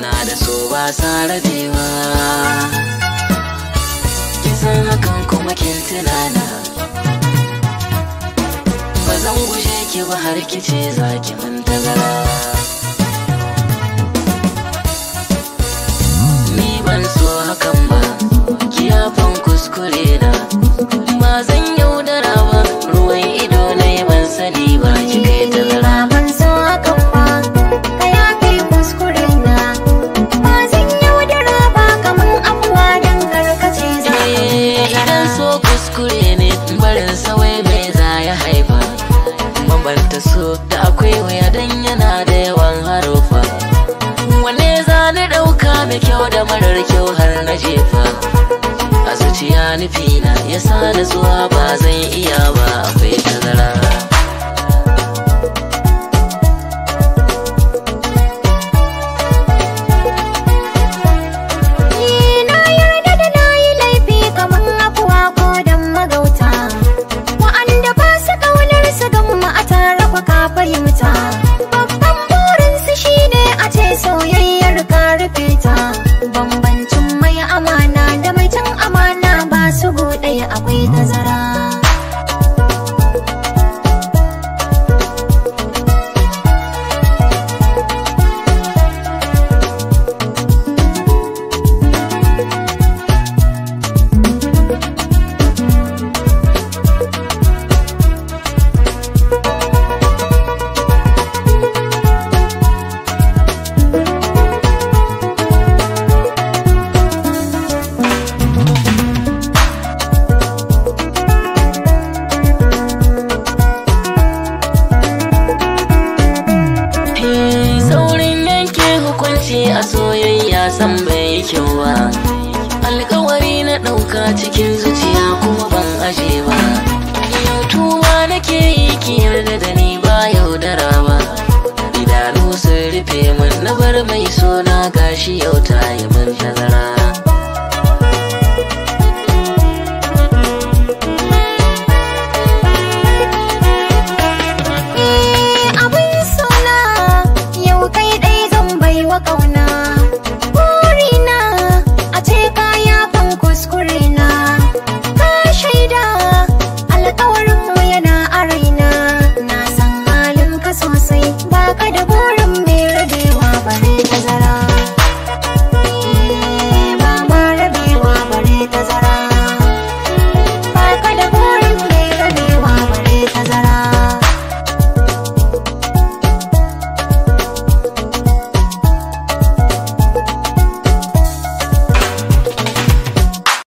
zauna da su ba sa rabewa kisan hakan kuma kin tunana ba zan gushe ki ba har kice za ki manta zara bambanta su da akwai wuya don yana da yawan harufa wane za ni ɗauka mai kyau da marar kyau har na jefa a zuciya nufina ya sa da zuwa ba zan iya ba akwai tazara soyayyar ka rufe ta bambancin mai amana da mai can amana ba su ɗaya akwai tazara soyayya san bai yi kyau ba alkawari na ɗauka cikin zuciya kuma ban